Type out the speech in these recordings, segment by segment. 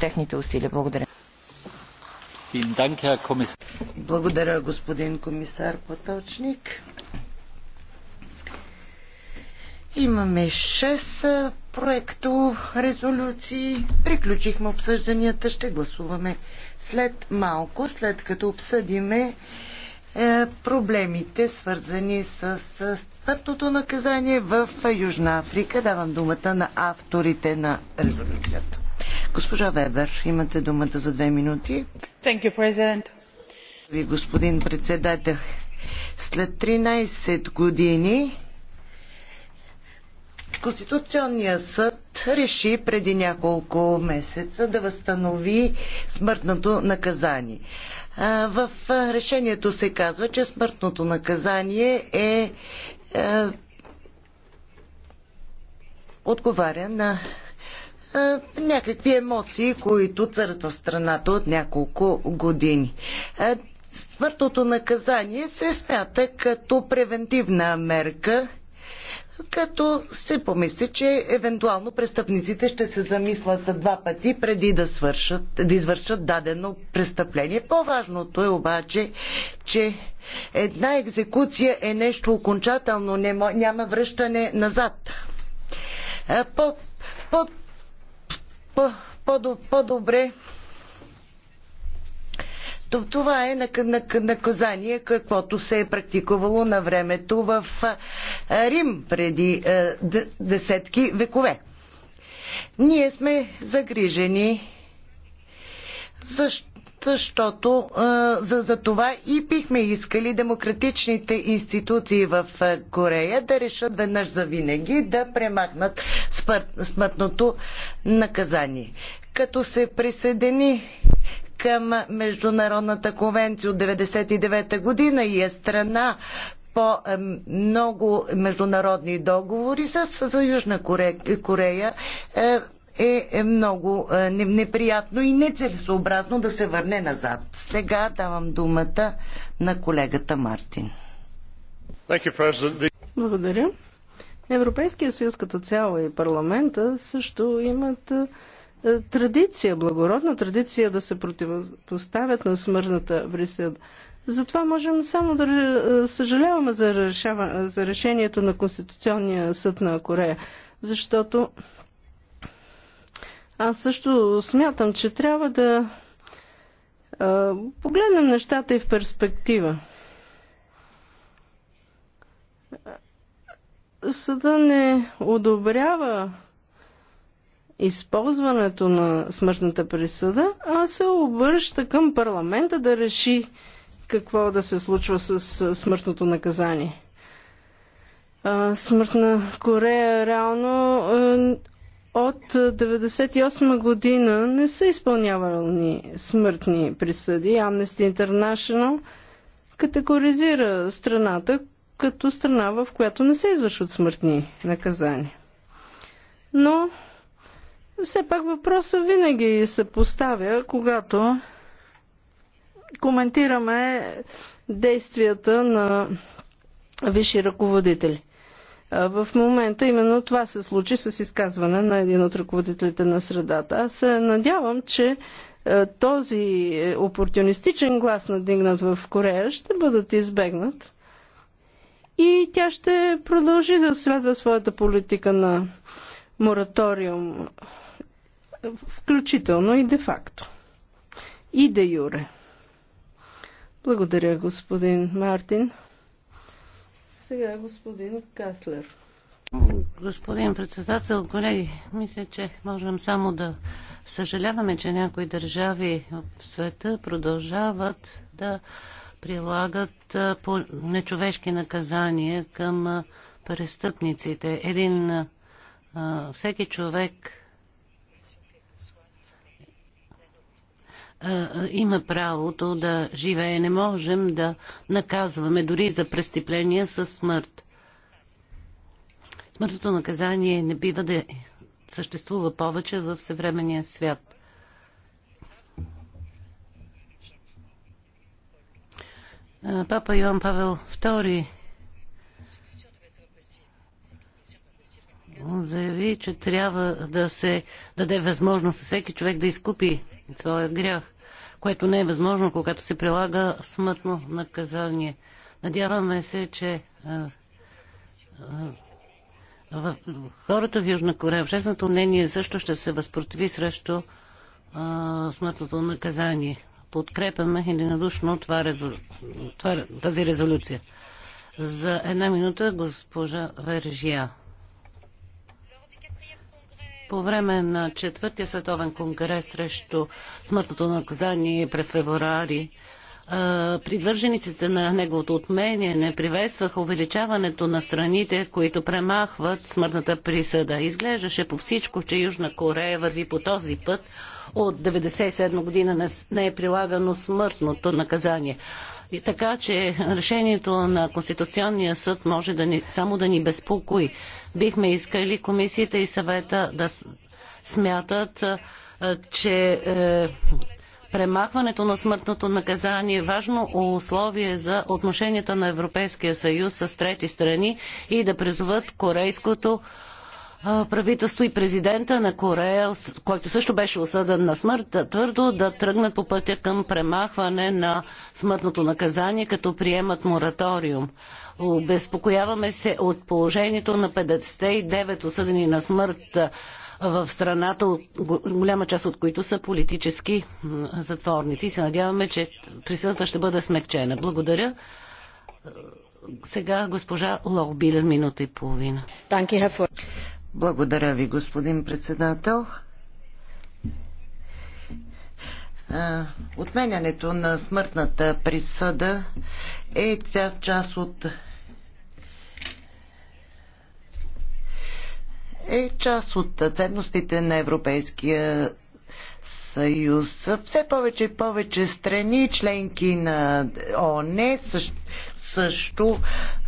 техните усилия. Благодаря. Благодаря, господин комисар Поточник. Имаме 6 проекто резолюции. Приключихме обсъжданията. Ще гласуваме след малко, след като обсъдиме е, проблемите, свързани с, с наказание в Южна Африка. Давам думата на авторите на резолюцията. Госпожа Вебер, имате думата за две минути. Thank you, President. Ви, господин председател, след 13 години Конституционният съд реши преди няколко месеца да възстанови смъртното наказание. В решението се казва, че смъртното наказание е, е отговаря на а, някакви емоции, които царят в страната от няколко години. смъртното наказание се смята като превентивна мерка като се помисли, че евентуално престъпниците ще се замислят два пъти преди да, свършат, да извършат дадено престъпление. По-важното е обаче, че една екзекуция е нещо окончателно, няма връщане назад. По, по, по-добре. -по Това е наказание, каквото се е практикувало на времето в Рим преди десетки векове. Ние сме загрижени защо защото за, за това и бихме искали демократичните институции в Корея да решат веднъж за винаги да премахнат смъртното наказание. Като се присъедини към Международната конвенция от 1999 година и е страна по много международни договори с, за Южна Корея, Корея е, е много е, неприятно и нецелесообразно да се върне назад. Сега давам думата на колегата Мартин. Благодаря. Европейския съюз като цяло и парламента също имат е, традиция, благородна традиция да се противопоставят на смъртната присъда. Затова можем само да съжаляваме за, решава, за решението на Конституционния съд на Корея, защото аз също смятам, че трябва да а, погледнем нещата и в перспектива. Съда не одобрява използването на смъртната присъда, а се обръща към парламента да реши какво да се случва с смъртното наказание. Смъртна Корея реално от 1998 година не са изпълнявани смъртни присъди. Amnesty International категоризира страната като страна, в която не се извършват смъртни наказания. Но все пак въпроса винаги се поставя, когато коментираме действията на висши ръководители. В момента именно това се случи с изказване на един от ръководителите на средата. Аз се надявам, че е, този е, опортунистичен глас, надигнат в Корея, ще бъдат избегнат и тя ще продължи да следва своята политика на мораториум, включително и де-факто. И де-юре. Благодаря, господин Мартин. Сега господин Каслер. Господин председател, колеги, мисля, че можем само да съжаляваме, че някои държави в света продължават да прилагат по нечовешки наказания към престъпниците. Един всеки човек има правото да живее. Не можем да наказваме дори за престъпления със смърт. Смъртното наказание не бива да е, съществува повече в съвременния свят. Папа Йоан Павел II заяви, че трябва да се даде възможност всеки човек да изкупи своя грях което не е възможно, когато се прилага смътно наказание. Надяваме се, че а, е, а, е, в, хората в Южна Корея, общественото мнение също ще се възпротиви срещу а, е, смъртното наказание. Подкрепяме единодушно това, резол... това, тази резолюция. За една минута госпожа Вержия. По време на четвъртия световен конгрес срещу смъртното наказание през феврари Придвържениците на неговото отменяне приветстваха увеличаването на страните, които премахват смъртната присъда. Изглеждаше по всичко, че Южна Корея върви по този път. От 1997 година не е прилагано смъртното наказание. И така че решението на Конституционния съд може да ни, само да ни безпокои. Бихме искали комисията и съвета да смятат, че е, премахването на смъртното наказание е важно условие за отношенията на Европейския съюз с трети страни и да призоват корейското правителство и президента на Корея, който също беше осъден на смърт, твърдо да тръгнат по пътя към премахване на смъртното наказание, като приемат мораториум. Обезпокояваме се от положението на 59 осъдени на смърт в страната, голяма част от които са политически затворници. И се надяваме, че присъдата ще бъде смекчена. Благодаря. Сега госпожа Лохбилен, минута и половина. Благодаря ви, господин председател. Отменянето на смъртната присъда е ця част от е част от ценностите на Европейския съюз. Все повече и повече страни, членки на ОНЕ, също, също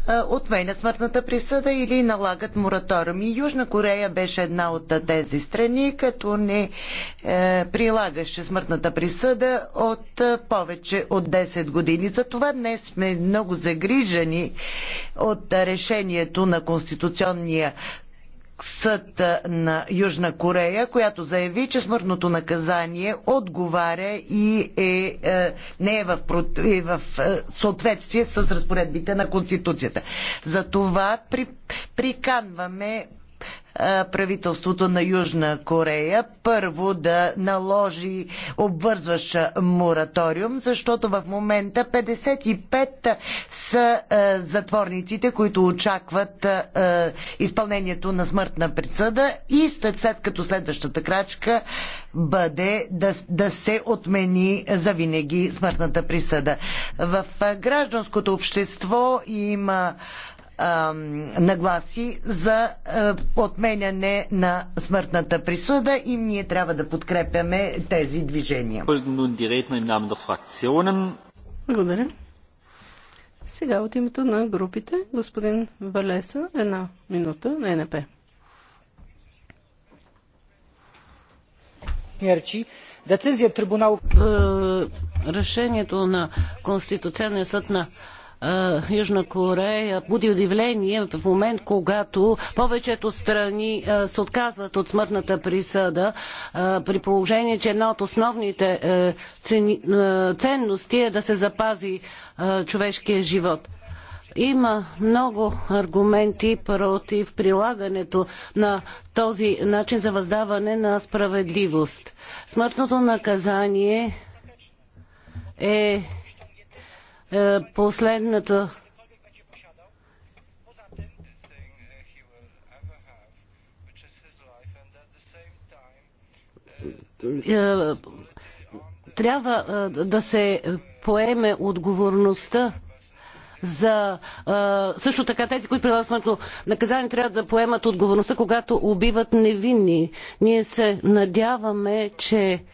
отменят смъртната присъда или налагат мораториуми. Южна Корея беше една от тези страни, като не е, прилагаше смъртната присъда от е, повече от 10 години. Затова днес сме много загрижени от решението на Конституционния съд на Южна Корея, която заяви, че смъртното наказание отговаря и е, е, не е в, е в е, съответствие с разпоредбите на Конституцията. Затова при, приканваме правителството на Южна Корея първо да наложи обвързващ мораториум, защото в момента 55 са затворниците, които очакват изпълнението на смъртна присъда и след, след като следващата крачка бъде да, да се отмени завинаги смъртната присъда. В гражданското общество има нагласи за е, отменяне на смъртната присъда и ние трябва да подкрепяме тези движения. Благодаря. Сега от името на групите, господин Валеса, една минута на НП. Е, решението на Конституционния съд на Южна Корея буди удивление в момент, когато повечето страни се отказват от смъртната присъда, при положение, че една от основните е, е, ценности е да се запази е, човешкия живот. Има много аргументи против прилагането на този начин за въздаване на справедливост. Смъртното наказание е е, последната е, трябва е, да се поеме отговорността за също така тези, които прилагат смъртно наказание, трябва да поемат отговорността, когато убиват невинни. Ние се надяваме, че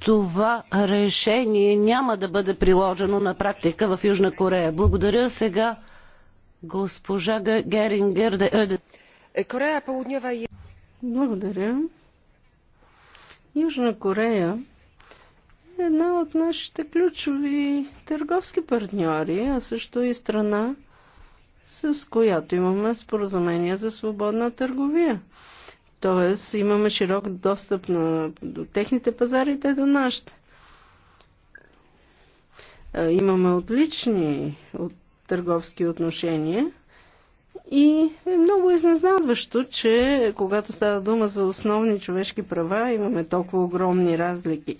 това решение няма да бъде приложено на практика в Южна Корея. Благодаря сега госпожа Герингер Корея Полуднева е... Благодаря. Южна Корея е една от нашите ключови търговски партньори, а също и страна, с която имаме споразумение за свободна търговия. Тоест имаме широк достъп на, до техните пазари и те до нашите. Имаме отлични от търговски отношения и е много изнезнадващо, че когато става дума за основни човешки права, имаме толкова огромни разлики.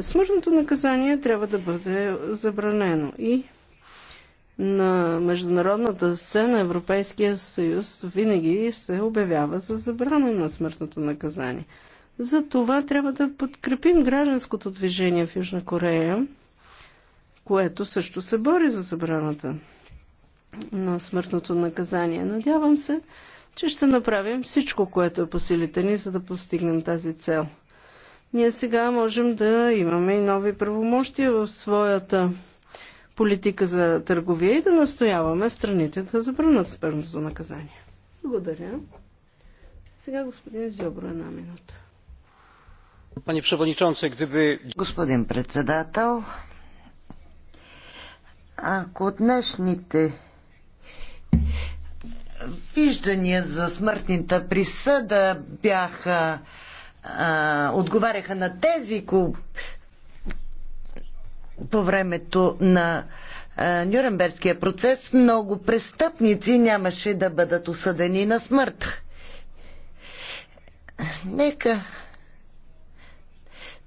Смъртното наказание трябва да бъде забранено и на международната сцена Европейския съюз винаги се обявява за забрана на смъртното наказание. За това трябва да подкрепим гражданското движение в Южна Корея, което също се бори за забраната на смъртното наказание. Надявам се, че ще направим всичко, което е по силите ни, за да постигнем тази цел. Ние сега можем да имаме и нови правомощия в своята политика за търговия и да настояваме страните да забранят смъртното наказание. Благодаря. Сега господин Зобро една минута. Panie przewodniczący, gdyby... Господин председател, ако днешните виждания за смъртната присъда бяха а, отговаряха на тези, по времето на Нюрнбергския процес много престъпници нямаше да бъдат осъдени на смърт. Нека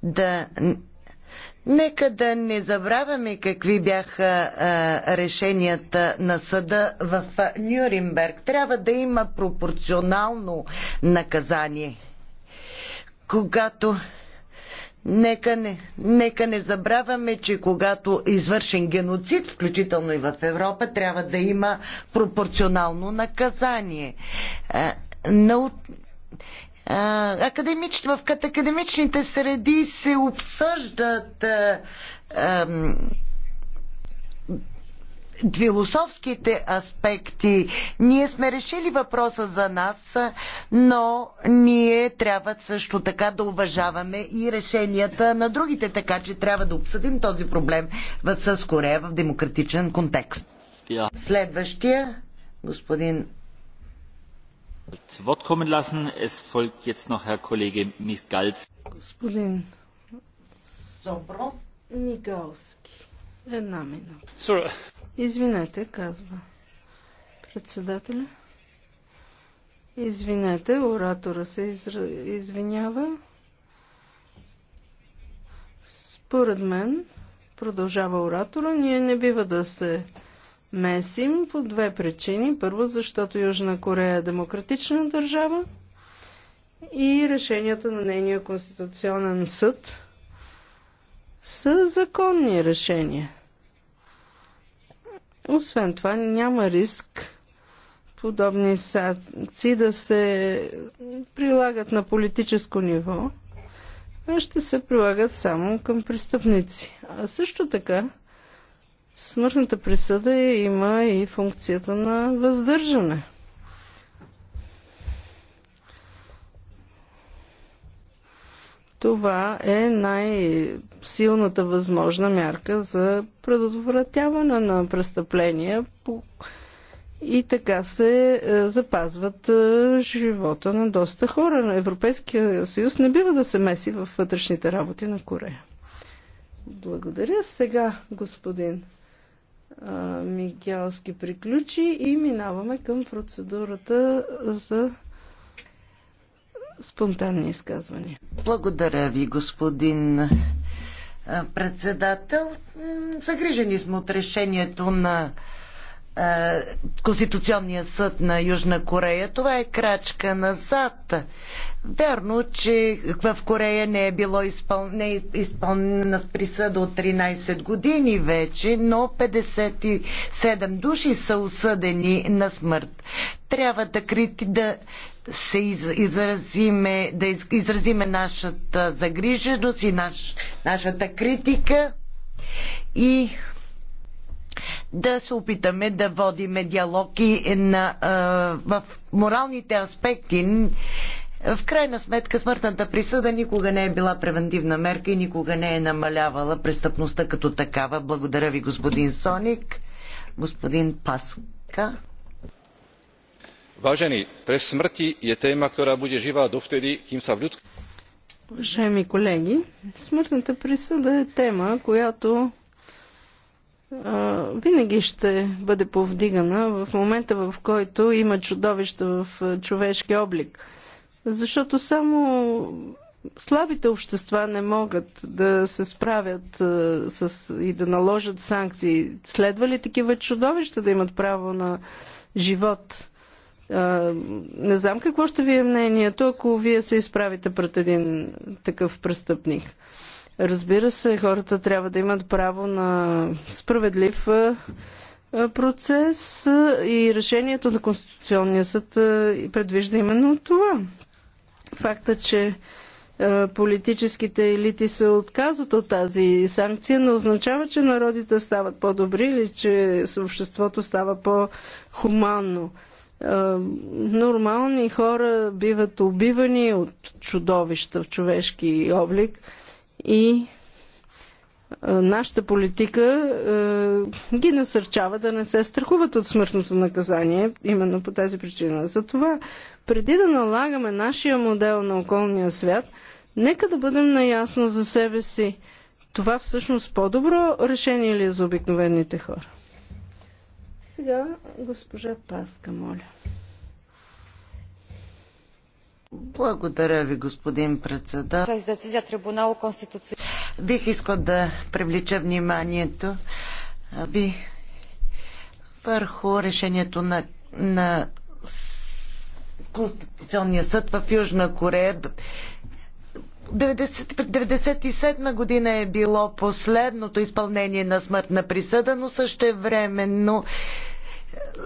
да Нека да не забравяме какви бяха а, решенията на съда в Нюрнберг. Трябва да има пропорционално наказание. Когато Нека не, нека не забравяме, че когато извършен геноцид, включително и в Европа, трябва да има пропорционално наказание. А, но, а, академич... В академичните среди се обсъждат. А, а, философските аспекти. Ние сме решили въпроса за нас, но ние трябва също така да уважаваме и решенията на другите, така че трябва да обсъдим този проблем с Корея в демократичен контекст. Следващия, господин Господин Собро, Мигалски. Една минута. Извинете, казва председателя. Извинете, оратора се изра... извинява. Според мен, продължава оратора, ние не бива да се месим по две причини. Първо, защото Южна Корея е демократична държава и решенията на нейния конституционен съд са законни решения. Освен това, няма риск подобни санкции да се прилагат на политическо ниво, а ще се прилагат само към престъпници. А също така, смъртната присъда има и функцията на въздържане – Това е най-силната възможна мярка за предотвратяване на престъпления и така се е, запазват е, живота на доста хора. Европейския съюз не бива да се меси в вътрешните работи на Корея. Благодаря. Сега господин е, Микелски приключи и минаваме към процедурата за спонтанни изказвания. Благодаря ви, господин председател. Загрижени сме от решението на е, Конституционния съд на Южна Корея. Това е крачка назад. Вярно, че в Корея не е било изпъл... не е изпълнена с присъда от 13 години вече, но 57 души са осъдени на смърт. Трябва да, крити... да се изразиме, да изразиме нашата загриженост и наш... нашата критика и да се опитаме да водиме диалог и на, в моралните аспекти. В крайна сметка смъртната присъда никога не е била превентивна мерка и никога не е намалявала престъпността като такава. Благодаря ви, господин Соник. Господин Паска. през смърти е тема, която ktorá жива до втеди, ким са в людски. Уважаеми колеги, смъртната присъда е тема, която винаги ще бъде повдигана в момента, в който има чудовища в човешки облик. Защото само слабите общества не могат да се справят с, и да наложат санкции. Следва ли такива чудовища да имат право на живот? не знам какво ще ви е мнението, ако вие се изправите пред един такъв престъпник. Разбира се, хората трябва да имат право на справедлив процес и решението на Конституционния съд предвижда именно това. Факта, че политическите елити се отказват от тази санкция, не означава, че народите стават по-добри или че обществото става по-хуманно. Нормални хора биват убивани от чудовища в човешки облик и нашата политика е, ги насърчава да не се страхуват от смъртното наказание, именно по тази причина. Затова, преди да налагаме нашия модел на околния свят, нека да бъдем наясно за себе си. Това всъщност по-добро решение ли е за обикновените хора? Сега госпожа Паска, моля. Благодаря ви, господин председател. Бих искал да привлича вниманието ви върху решението на, на Конституционния съд в Южна Корея. 1997 година е било последното изпълнение на смъртна присъда, но също времено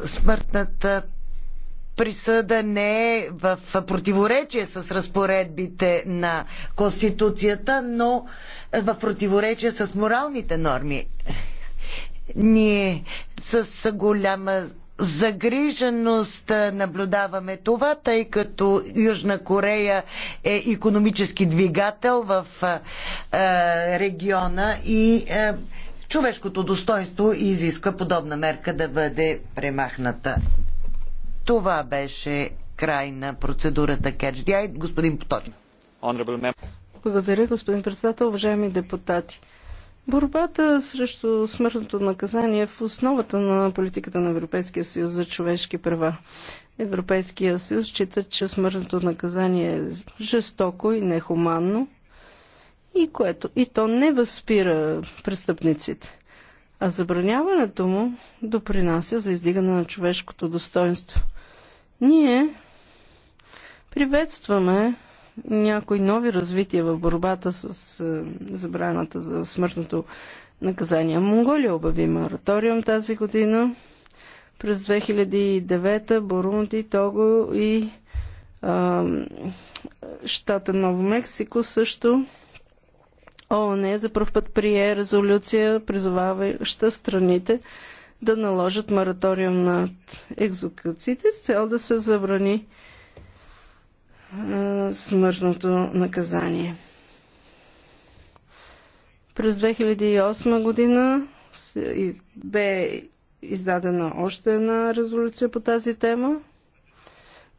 смъртната присъда не е в противоречие с разпоредбите на Конституцията, но в противоречие с моралните норми. Ние с голяма загриженост наблюдаваме това, тъй като Южна Корея е економически двигател в региона и човешкото достоинство изисква подобна мерка да бъде премахната. Това беше край на процедурата Catch Господин Поточник. Благодаря, господин председател, уважаеми депутати. Борбата срещу смъртното наказание е в основата на политиката на Европейския съюз за човешки права. Европейския съюз счита, че смъртното наказание е жестоко и нехуманно и, което, и то не възпира престъпниците. А забраняването му допринася за издигане на човешкото достоинство. Ние приветстваме някои нови развития в борбата с е, забраната за смъртното наказание. Монголия обяви мораториум тази година. През 2009 Бурунди, Того и а, щата Ново Мексико също ООН е за първ път прие резолюция, призоваваща страните да наложат мораториум над екзекуциите с цел да се забрани смъртното наказание. През 2008 година бе издадена още една резолюция по тази тема.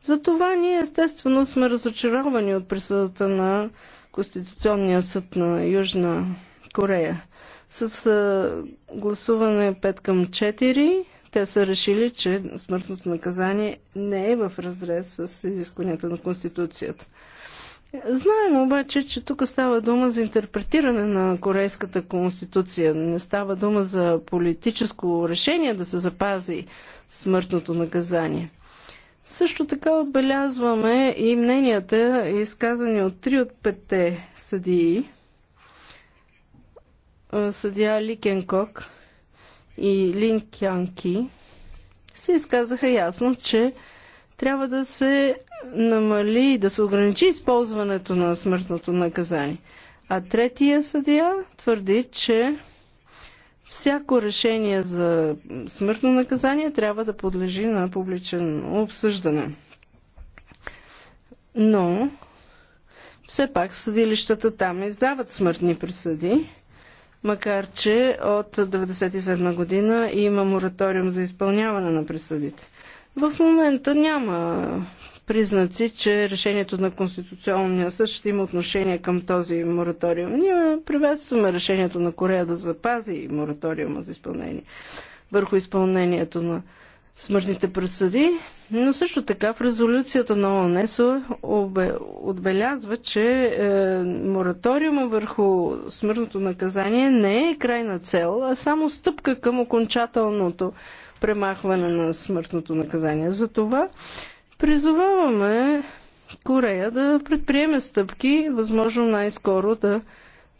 Затова ние естествено сме разочаровани от присъдата на Конституционния съд на Южна Корея. С гласуване 5 към 4 те са решили, че смъртното наказание не е в разрез с изискванията на Конституцията. Знаем обаче, че тук става дума за интерпретиране на Корейската конституция. Не става дума за политическо решение да се запази смъртното наказание. Също така отбелязваме и мненията, изказани от три от петте съдии, съдия Ли Кенкок и Лин Кянки се изказаха ясно, че трябва да се намали и да се ограничи използването на смъртното наказание. А третия съдия твърди, че всяко решение за смъртно наказание трябва да подлежи на публичен обсъждане. Но все пак съдилищата там издават смъртни присъди макар че от 1997 година има мораториум за изпълняване на присъдите. В момента няма признаци, че решението на Конституционния съд ще има отношение към този мораториум. Ние приветстваме решението на Корея да запази мораториума за изпълнение върху изпълнението на смъртните присъди, но също така в резолюцията на ООН отбелязва, че е, мораториума върху смъртното наказание не е крайна цел, а само стъпка към окончателното премахване на смъртното наказание. Затова призоваваме Корея да предприеме стъпки, възможно най-скоро да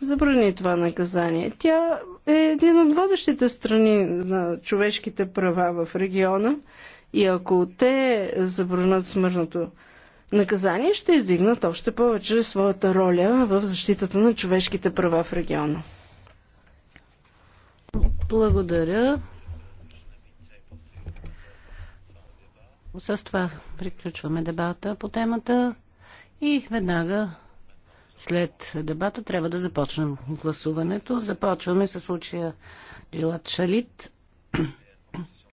забрани това наказание. Тя е един от водещите страни на човешките права в региона и ако те забранят смъртното наказание, ще издигнат още повече своята роля в защитата на човешките права в региона. Благодаря. С това приключваме дебата по темата и веднага след дебата трябва да започнем гласуването. Започваме с случая Джилат Шалит.